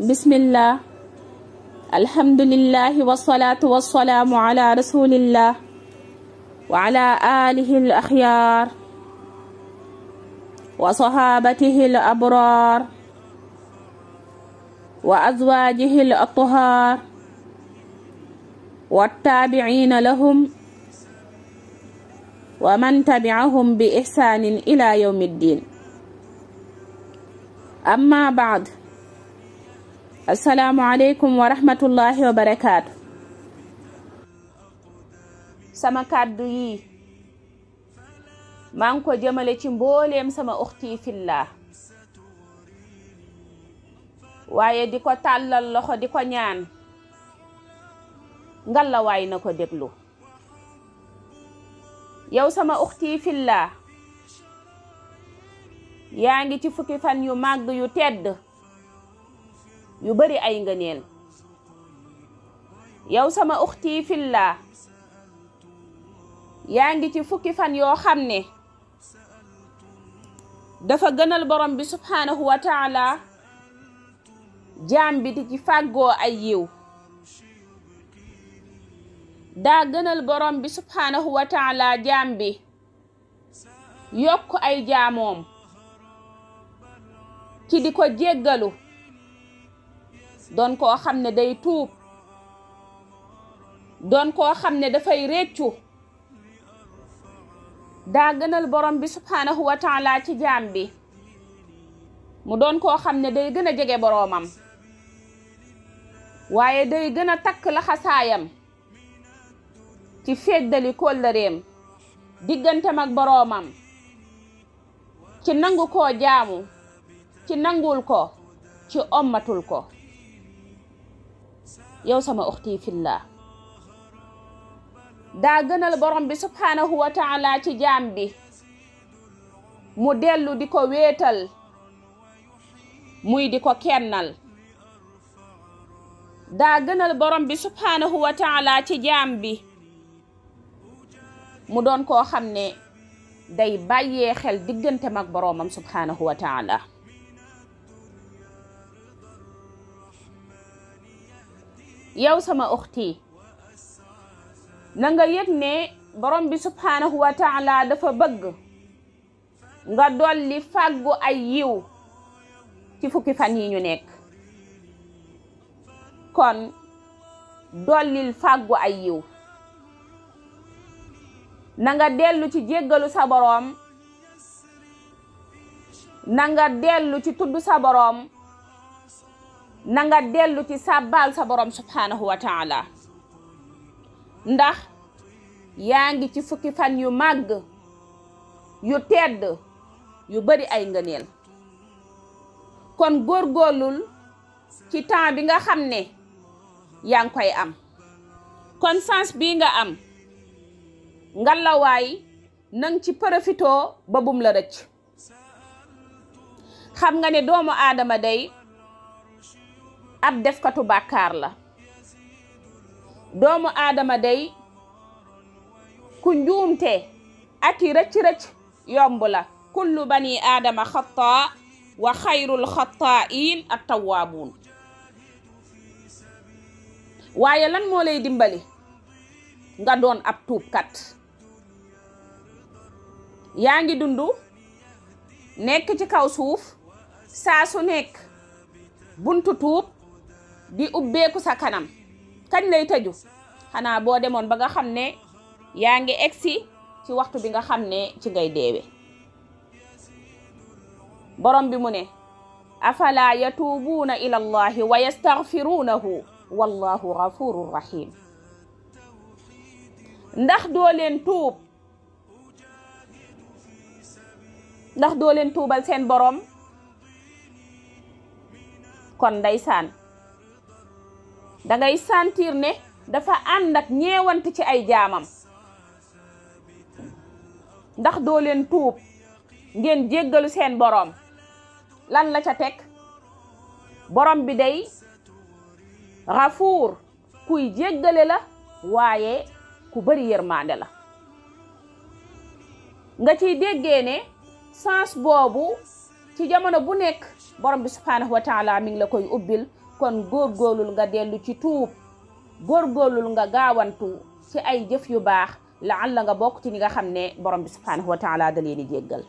bismillah alhamdulillahi wasalaatu wasalaamu ala rasulillah wa ala alihi al axyaar wa sahabatihi al abraar wa azwaajihi al athaar wa taabiciina lahum wa man tabicahum bi ixsaanin ila yawmi ddin amma bacd asalaamualeykum wa rahmatullahi wa barakaatu. sama kàddu yi maa ngi ko jëmale ci mbooleem sama uxti fillah waaye di ko tàllal loxo di ko ñaan ngalawaay na ko déglu yow sama uxti fillah yaa ngi ci fukki fan yu màgg yu tedd yu bari ay ngëneel yow sama uxti fillah yaa ngi ci fukki fan yoo xam ne dafa gënal borom bi subhaanahu wa taala jaam bi ay yiw daa gënal borom bi subhaanahu wa taala jaam bi yokk ay jaamoom ci di ko jéggalu doon koo xam ne day tuub doon koo xam ne dafay reccu daa gënal borom bi subhaanahu wa ci jaam bi mu doon koo xam ne day gën a jege boroomam waaye day gëna takk laxasaayam ci feddali kóllëreem digganteem ak boroomam ci nangu koo jaamu ci nangul ko ci ommatul ko yow sama uxti fillah daa gënal borom bi subhaanahu wa ci jaam bi mu dellu di ko weetal muy di ko kennal daa gënal borom bi subhaanahu wa taala ci jaam bi mu doon koo xam ne day bàyyee xel digganteem ak boroomam subhaanahu wa yow sama uxti nanga nga yëg ne borom bi subhaanahu wa taala dafa bëgg nga dolli fàggu ay yiw ci fukki fan yi ñu nekk kon dollil fàggu ay yiw nanga nga dellu ci jéggalu sa boroom na dellu ci tudd sa boroom nanga nga dellu ci sàbbaal sa borom subhaanahu wa taala ndax yaa ngi ci fukki fan yu màgg yu tedd yu bari ay ngëneel kon góorgóorlul ci temps bi nga xam ne yaa ngi koy am kon sens bii nga am ngalawaay nan ci profitoo ba bum la rëcc xam nga ne doomu aadama day ab defkatu bàkkaar la doomu aadama day ku njuumte ati i rëcc-rëcc yomb la kullu bani aadama xataa wa xayrul xataa'iin at tawaabuun waaye lan moo lay dimbali nga doon ab tuubkat yaa ngi dundu nekk ci kaw suuf saa su nekk buntu tuub di ubbeeku sa kanam kañ lay tëju xanaa boo demoon ba nga xam ne yaa ngi egsi ci waxtu bi nga xam ne ci ngay deewe borom bi mu ne afala yatuubuuna ila allahi wa yastaghfiruunahu wallahu ghafurur rahim ndax doo tuub ndax doo leen tuubal seen borom kon ndeysaan dangay ngay sentir ne dafa ànd ak ñeewant ci ay jaamam ndax doo leen tuub ngeen jéggalu seen boroom lan la ca teg boroom bi day xafuur kuy jéggale la waaye ku bari yërmaande la nga ciy déggee ne sens boobu ci jamono bu nekk borom bi subhaanahu wa mi ngi la koy ubbil kon góorgóorlul nga dellu ci tuub góorgóorlul nga gaawantu ci ay jëf yu baax la nga bokk ci ñi nga xam ne borom bi subhaanahu wa taala da leen di jéggal